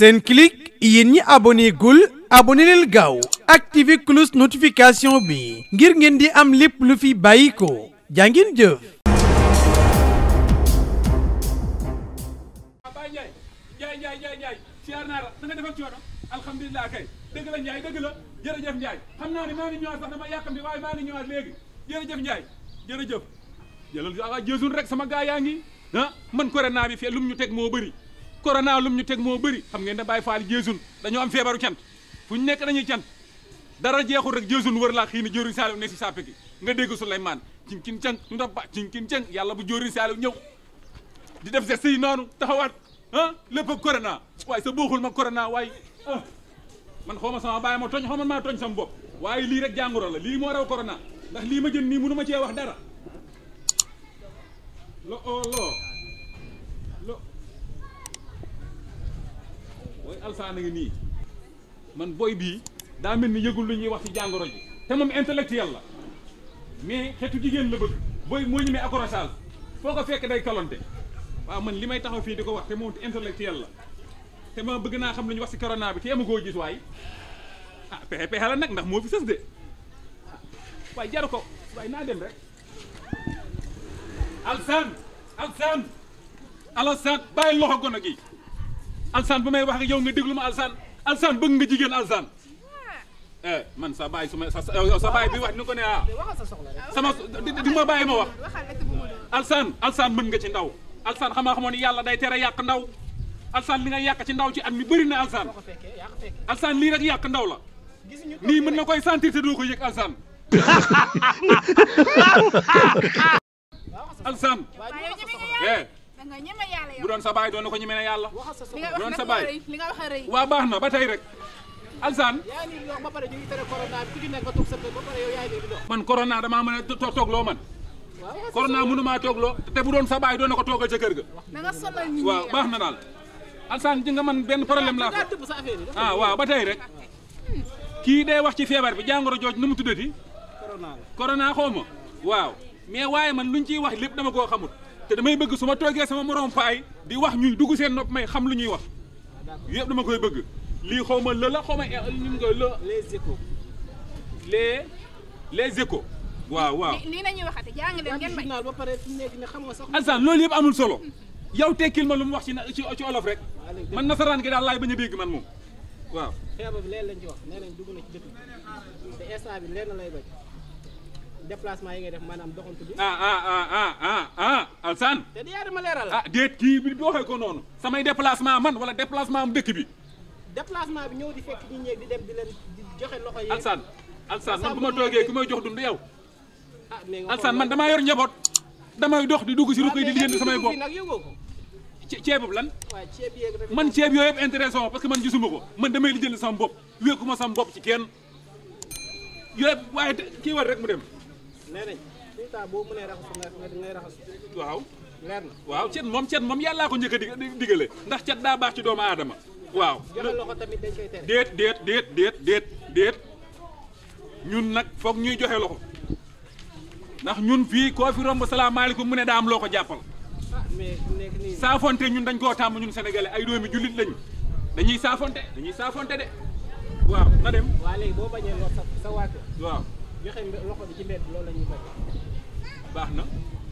Senclic yéen ñi abonné gul abonné leen gaaw activé cloche notification bi ngir ngeen di am lépp lu fi bàyyi ko jàngin jëf. alhamdulilah kay dëgg la Ndiaye dëgg la jërëjëf Ndiaye xam naa ne maa ngi ñëwaat sax dama yàkkamti waaye ah, rek sama gaa yaa ngi ah man corona bi fii lu ñu teg moo bari corona lum ñu teg moo bëri xam ngeen ne Baye Fall jéesul dañoo am feebaru cant fu ñu nekk dañuy cant dara jeexul rek jéesul wër laa xii ni jóorin saaliw ne si sàppe gi nga dégg Souleymane cin kin cang ñu tax ba cin kin cang yàlla bu jóorin saaliw ñëw di def sa yi noonu taxawaat ah lépp ak corona waaye sa booxul ma corona waaye ah. man xaw ma sama baay ma tooñ xaw ma maa tooñ sama bopp waaye lii rek jàngoro la lii moo raw corona ndax lii ma jën nii mënu ma cee dara oh, Sane a ngi nii man booy bii daa mel ni yëgul lu ñuy wax ci jàngoro ji te moom intellectuel la mais xetu jigéen la bëgg booy moo ñemee accrochage foo ko fekk day kalonte waaw man li may taxaw fii di ko wax te moom intellectuel la te ma bëgg naa xam lu ñuy wax ci corona bi te amagoo gis waay ah pexe pexe la nag ndax moo fi sës de waaye jaru ko waaye naa dem rek alsan alsan alasan bàyyi loxo gono gi alsaan ba may wax ak yow nga déglu ma alsaan alsaan bëgg nga jigéen alsaan eh man sa baay su ma sa sa baay bi wax ni ko ne ah sama di ma bàyyi ma wax alsaan alsaan mën nga ci ndaw alsaan xamaa xamoon yàlla day tere yàq ndaw alsaan li nga yàq ci ndaw ci at mi bari na alsaan alsaan lii rek yàq ndaw la nii mën na koy sentir te doo ko yëg alsaan alsaan eh bu doon sa baay doon na ko ñemee na yàlla. doon sa baay li waa baax na ba tey rek. Alsaan yaa ngi dox ba pare ñu ngi sa kër ba pare yow yaa ngi dox. man corona damaa mën a toog toogloo man. corona mënumaa toogloo te bu doon sa baay doon na ko toogal ca kër ga. na nga sonal nit waaw baax na daal. Alsaan ji nga man benn problème laa ko ah waaw ba tey rek. kii day wax ci feebar bi jàngoro jooj nu mu tuddati. corona corona xaw ma waaw mais waaye man luñ ciy wax lépp dama koo xamut te damay bëgg su ma toogee sama moroom paay di wax ñuy dugg seen nopp may xam lu ñuy wax yëpp dama koy bëgg lii xaw ma lëla xaw ma ñu e, nga la les échos les les échos waaw waaw lii la ñuy waxate jàng leen ngeen may journal xam nga sax alsan loolu yëpp amul solo yow tekkil ma lu mu wax ci ci olof rek man nasaraan gi daal laay bañ a dégg man moom waaw leen lañ ci wax nee nañ dugg na ci bi te instant lay déplacement yi ngay def maanaam doxantu bi. ah ah ah ah ah, ah Alsaan. te di ah, kii bi waxee noonu. samay déplacement man wala déplacement am dëkk bi. déplacement bi ñëw di joxe loxo yi. Alsaan Alsaan man bu ma toogee ki may jox dund yow. ah nee nga Alsaan man damaa yor njaboot. damay dox di dugg si ruq yi di liggéey samay bopp ah, ceeb boobu lan man ceeb yooyu yëpp intéressant parce que man gisuma ko man damay lijjanti sam bopp wéeku ma sama bopp ci kenn yooyu waaye kii war rek mu dem nee mënee raxasu nga ngay raxasu waaw leer cet moom cet moom yàllaa ko njëkk a digale ndax cet daa baax ci doomu aadama waaw joxe loxo tamit dañ koy ñun nag foog ñuy joxe loxo ndax ñun fii koo fi romb salaamaaleykum mu ne daa am loo ko jàppal ah, saafonte ñun dañ koo tàmm ñun sénégalais ay doomi jullit lañu dañuy saafonte dañuy saafonte de waaw na dem waaw waaw joxe loxo bi ci mbedd loolu la ñuy bañ. baax na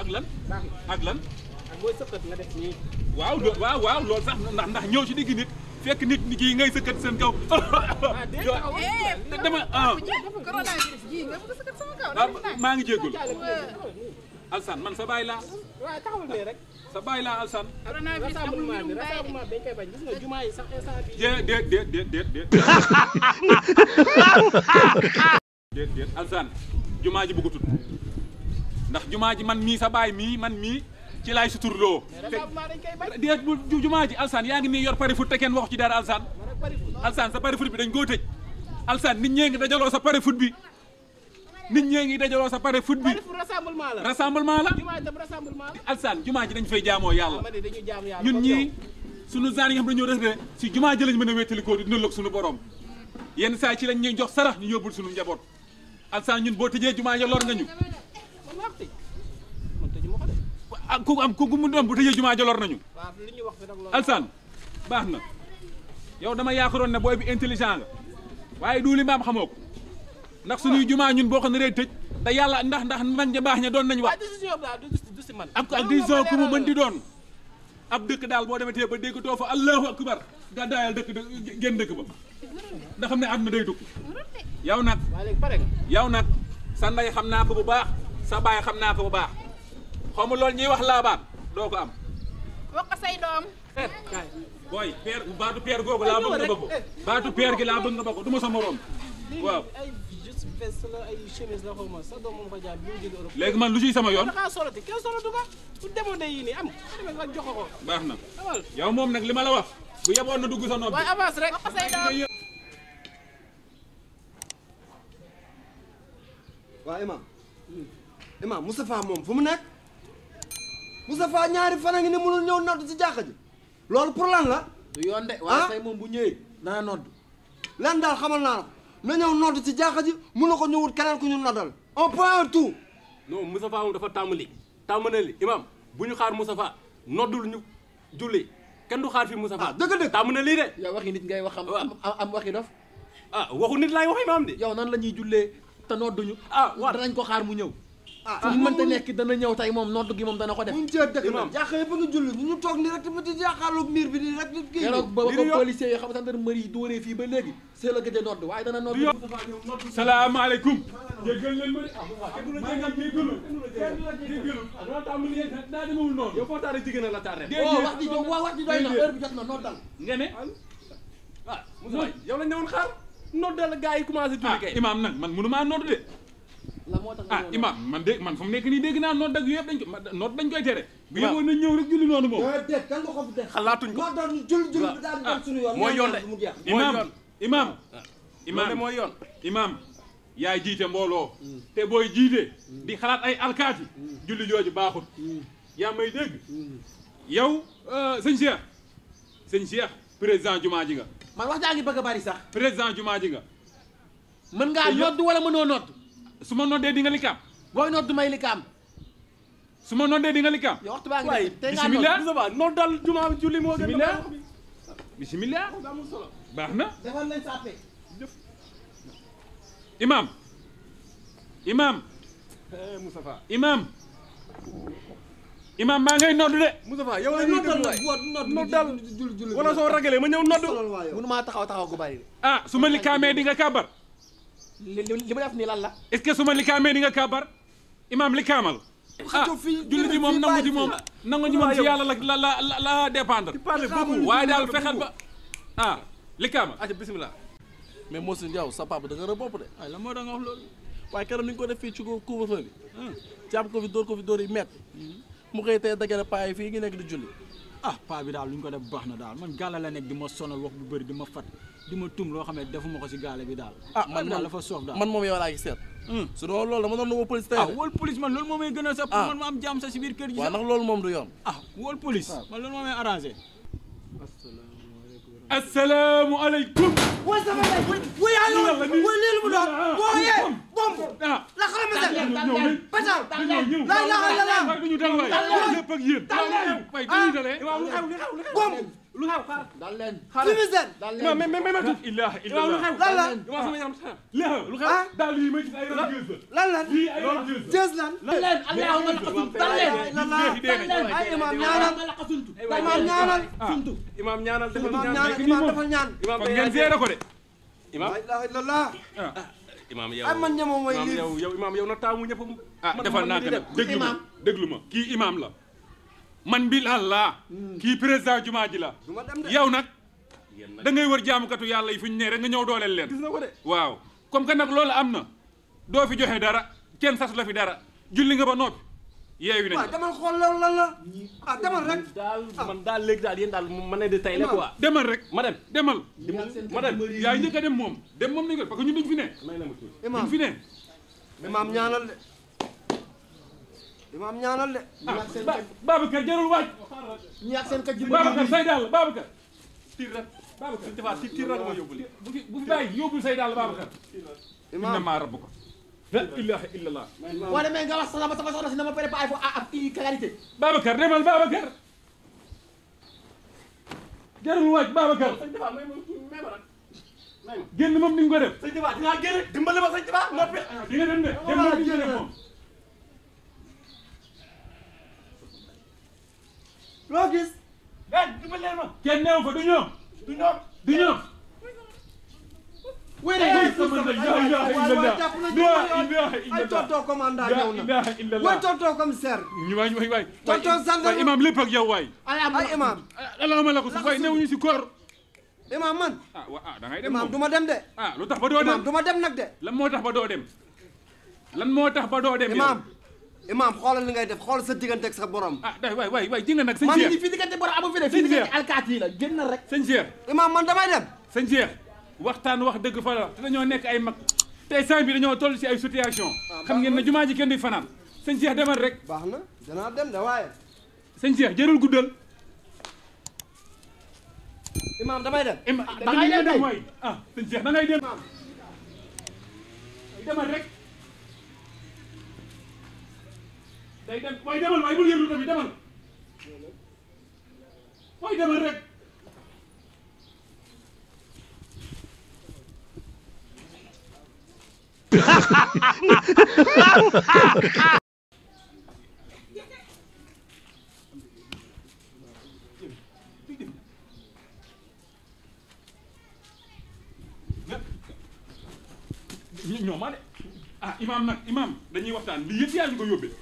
ak lan. ak lan. ak booy sëqat def nii. waaw waaw waaw loolu sax ndax ndax ñëw ci digg nit fekk nit ñi kii ngay sëqat seen kaw. ah déedéet waaw eh, dama ah. coronavirus gii ah, maa ngi jégalu. alsan man sa bàyyi laa. waaw taxawal ne rek. sa bàyyi laa alsan. coronavirus amul mbirum bàyyi de rassemblement bi dañ koy bañ gis nga jumaa yi sax déet déet alsaan jumaa ji bëgg tut ndax jumaa ji man mii sa baay mii man mii ci laay suturloo déet bu jumaa ji alsaan yaa ngi nii yor pari foot te kenn waxu ci dara alsaan alsaan sa pari foot bi dañ koo tëj alsaan nit ñee ngi dajaloo sa pari foot bi nit ñee ngi dajaloo sa pare foot bi rassemblement la rassemblement la alsaan jumaa ji dañ fay jaamoo yàlla ñun ñii sunu zaan yi nga xam dañoo resté si jumaa ji lañ mën a wéetalikoo di dundal ak sunu borom yenn saa ci lañ ñuy jox sarax ñu yóbbul sunu njaboot alsan ñun boo tëjee jumaa ja lor nga ñu ah, ku am ku mu doon bu tëjee jumaa ja lor nañu alsan baax na yow dama yaakaaroon ne booy bi intelligent nga waaye duuli maam xamoo ko ndax suñuy jumaa ñun boo ko naree tëj te yàlla ndax ndax man ja baax ña doon nañu wax ak ak décision ku mu mën di doon ab dëkk daal boo demetee ba dégg too fa allahu akbar gàddaayal dëkk génn dëkk ba ndax xam ne àdduna day tukki yow nag yow nag sa ndey xam naa ko bu baax sa baay xam naa ko bu baax xaw ma loolu ñuy wax laabaan doo ko am wax ko say doom booy peer baatu peer gi laa bëgg nga ba ko baatu peer gi laa bëgg nga ba ko du ma a moroom waaw léegi man lu ciy sama yoon baax na yow moom nag li ma la wax bu yeboon na dugg sa nopp waaye avance rek waaw imam imam Moustapha moom fu mu nekk Moustapha ñaari fan a ngi ne mënul ñëw nodd ci jàkka ji loolu pour lan la du yoon de waaye ah? tey moom bu ñëwee dana nodd lan daal xamal naa la na ñëw nodd ci jàkka ji mun na ko ñëwut keneen ku ñu noddal un point tout non Moustapha moom dafa tàmm li tàmm na li imam bu ñu xaar Moustapha noddul ñu julli kenn du xaar fi Moussa Fall. ah dëgg dëgg tàmm na lii de. yow waxi nit ngay wax am am waxi dof. ah waxu nit laay waxi ma am de. yow nan la ñuy jullee te nodduñu. ah waaw danañ ko xaar mu ñëw. ah mu ta nekk dana ñëw tey moom noddu gi moom dana ko def. buñ cee dëkk nag jaaxle ba nga julli miir bi nii rek. nit kii keroog ba ko policiers yi xam ne gendarmerie yi dóoree fii ba léegi. c'est a noddu waaye dana noddu. salaamaaleykum. loo tax mu ne daa demewul noonu. yow foo taara jigéen la taar ren. na nag man mënu maa noddu de ah imam man dé man fa mu nekk nii dégg naa noot dag yëpp dañ ko noot dañ koy tere bu yëgoon nañ ñëw rek julli noonu moom déet kan nga ko fi moo doon ah, julli mooy yoon mu jeex imam imam ah. imam mooy yoon imam yaay jiite mbooloo hmm. te booy jiite hmm. di xalaat ay alkaati hmm. julli jooju baaxut yaa may dégg yow euh, sëñ Cheikh sëñ Cheikh président jumaa ji nga man wax jaa ngi bëgg bari sax président jumaa ji nga mën ngaa nodd wala mënoo nodd su ma noddee di nga likaam. booy nodd may likaam. su ma noddee di nga likaam. yow waxtu baa ngi nekk tey ngaa bisimilah noddal jumaa julli moo gën a bisimilah. baax na. defal nañ sàppe. imaam. imaam. Eh, Moustapha imaam. imaam maa ngay nodd de. Moustapha yow wala soo ragalee ma ñëw nodd. mënu maa taxaw taxaw gu bari ah su ma likaamee di nga kàbbar. li li ma def nii lan la. est-ce que su ma likaamee ni nga kaabar imaam likaamal. ah julli ji moom nangu ji moom nangu ji moom ci yàlla la la la la dépendre. waaye daal fexeel ba ah likaamal. ayca bisimilah. mais Moussa Ndiaye sa papa da nga rëb bopp de. waaye lan moo da nga wax loolu. waaye keroog ni ñu ko def fii ci couvre-feu bi. Hmm. jàpp ko fi dóor ko fi dóor yi métti. Hmm. mu koy tey dagale paa fii ngi nekk di julli. ah paa bi daal lu ñu ko def baax na daal man gàlla la nekk di ma sonal wax bu bëri di ma di ma tum loo xam ne defuma ko si gaale bi daal. ah man daal dafa soof daal man moom yow laa ngi seet. Hmm. su doon loolu dama doon woo police tey. ah wóol police man loolu moo may gën a sax. ah man ma am jàmm sa si biir kër gi. waaw ndax loolu moom du yoon. ah wóol police. Ah. man loolu moo may arrangé. asalaamaaleykum. wa salaamaaleykum. wa yàlla wa lii mu doon. boo yee bomb. Ah. la xalam sa. batal. la la la la. lépp ak yéen. Ah. bomb. lu xew xaar dal leen xaar timisen dal leen mais mais mais ma ilaha illallah lu xew lan lan dama sama yaram xaar li xew lu xew daal yi ma gis ay ram geus lan lan li ay ram geus geus lan lan leen allahumma laqasuntu dal leen ay imam ñaanal laqasuntu imam ñaanal ah. suntu imam ñaanal defal ñaan imam defal ñaan kon ngeen ziyaare ko de imam la ilaha illallah ah. imam yow ay man ñamo moy yow yow imam yow na taamu ñëpp ah defal naa ko déglu ma déglu ma kii imam la man laal laa. Hmm. kii président jumaa ji la. yow nag da ngay wër jaamukatu yàlla yi fu ñu nee rek nga ñëw dooleel leen. waaw comme que nag loolu am na doo fi joxe dara kenn sasu la fi dara julli nga ba noppi. yeewi nañ la waaw demal xool loolu lan la ah demal rek. daal ah. man daal léegi daal yéen daal ma ne de tey la quoi. demal rek ma dem demal. ma dem yaa ngi njëkk a dem moom. dem moom nañ ko parce que ñun duñ fi ne. imaam ñaanal de. ah Babacar jarul waaj. ñi ak seen kër gi Babacar say dàll Babacar. tiir rek Babacar suñu defaat tiir rek moo yóbbul. bu fi bu fi bàyyi yóbbul say dàll Babacar. imaam innamaa rabbuka. la ilaha illallah. boo demee nga wax soxna ba sama soxna si na ma préparé fo ab kii qualité. Babacar demal Babacar. jarul waaj Babacar. génn moom ni nga ko def. sëñ Tuba dinaa génn dimbale ma sëñ Tuba noppi. di nga dem de dem moom loo gis. mais du ma leen ma. kenn néew fa du ñoom. du ñoom du ñoom. wéy de yooyu sama njëriñ yooyu yooyu ay tonton commandant ñëw na waay tonton commissaire. ñu waay waay waay. tonton sànq waay imaam lépp ak yow waay. ay imaam allahumma ah, la ko suuf waay newuñu si koor. imaam man. ah wa ah da ngay dem imaam du ma dem de. ah lu tax ba doo dem imaam du ma dem nag de. lan moo tax ba doo dem. lan moo tax ba doo dem imaam. imaam xoolal li ngay def xool sa diggante ak sa borom. ah waay waay waay ji nga nag. sëñ Cheikh man fii diggante rek. sëñ Cheikh. imaam man damay dem. sëñ Cheikh waxtaan wax dëgg fa la te dañoo nekk ay mag te instant bi dañoo toll ci ay situation. Ah, xam ngeen ne jumaa ji kenn di fanaan. sëñ Cheikh demal rek. baax na danaa dem de waaye. sëñ Cheikh jërul guddal. damay dem. imaam ah, ah, da ngay dem de da ngay dem. demal rek. day dem waaye demal waaye bul yëngu tamit demal waaye demal rek. ñoom ma ne ah imaam nag imaam dañuy waxtaan lii yëpp yaa ngi ko yóbbee.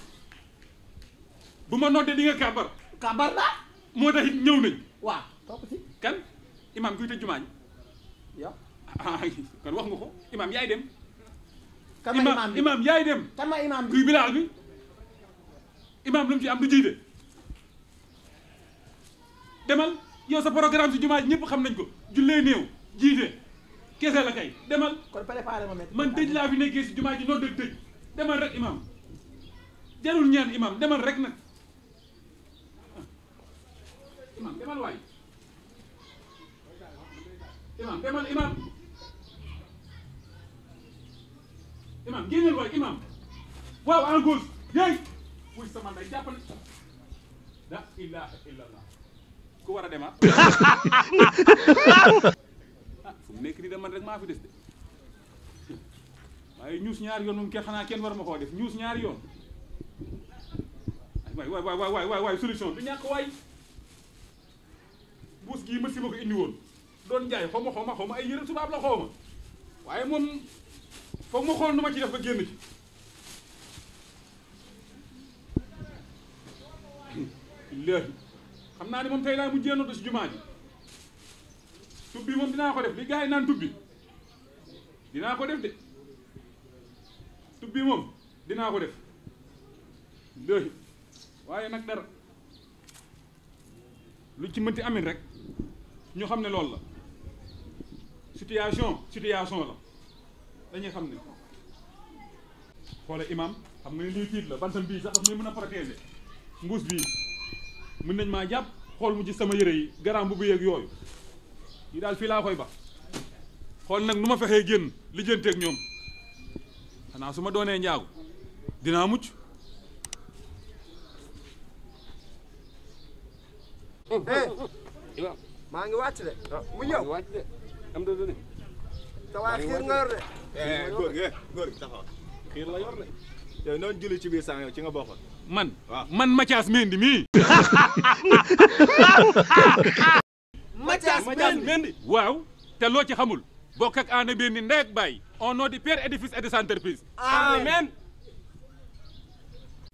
bu ma noddee di nga kàbbar kàbbar moo tax it ñëw nañ waaw topp ci kan imaam guy tëj jumaa ji ah, kon wax nga ko imaam yaay dem kan ma imaam imaam yaay dem kan ma imaam bi kuy bilaal bi imaam lu mu ci am du jiite demal yow sa programme si jumaa ji ñëpp xam nañ ko jullee néew jiite kese la kay demal kon ma man dëj laa fi nekkee si jumaa ji noddal dëj demal rek imaam jarul ñaan imaam demal rek nag imam demal waay imam demal imam imam génneel imam waaw en gauche yéy wuy sama nday jàppal la a dema ah fu mu nekk nii de man rek maa fi des de waaye ñuus ñaari yoon moom kenn xanaa kenn war ma koo def ñuus ñaari yoon waay waay waay waay waay waay solution du ñàkk waay lii ma si ma ko indi woon doon jaay xaw ma xaw ma xaw ma ay yëre tubaab la xaw ma waaye moom foog ma xool nu ma ci def ba génn ci léegi xam naa ne moom tey laa mu jénnotu si jumaa ji tubbi moom dinaa ko def li gars yi naan tubbi dinaa ko def de tubbi moom dinaa ko def léegi waaye nag dara lu ci mënti amin rek ñu xam ne loolu la situation situation la dañuy xam ne xoola imam xam nga ne lii tiit la bantam bii sax daf may mën a protéger mbuus bii mën nañ maa jàpp xool mu ci sama yére yi garaam bu bu yeeg yooyu yi daal fii laa koy ba xool nag nu ma fexee génn lijjanteeg ñoom xanaa su ma doonee njaagu dinaa mucc eh, maa ngi wàcc de. Ah, mu ñëw wàcc de am na de. Eh, góor gi gi taxaw xiir la yor de. yow noonu julli ci biir sang yow ci nga bokkoon. man man Mathias Mendy mii. Mathias Mendy waaw te loo ci xamul. bokk ak ana benn ndey ak baay. au nom du Père et du Fils amen.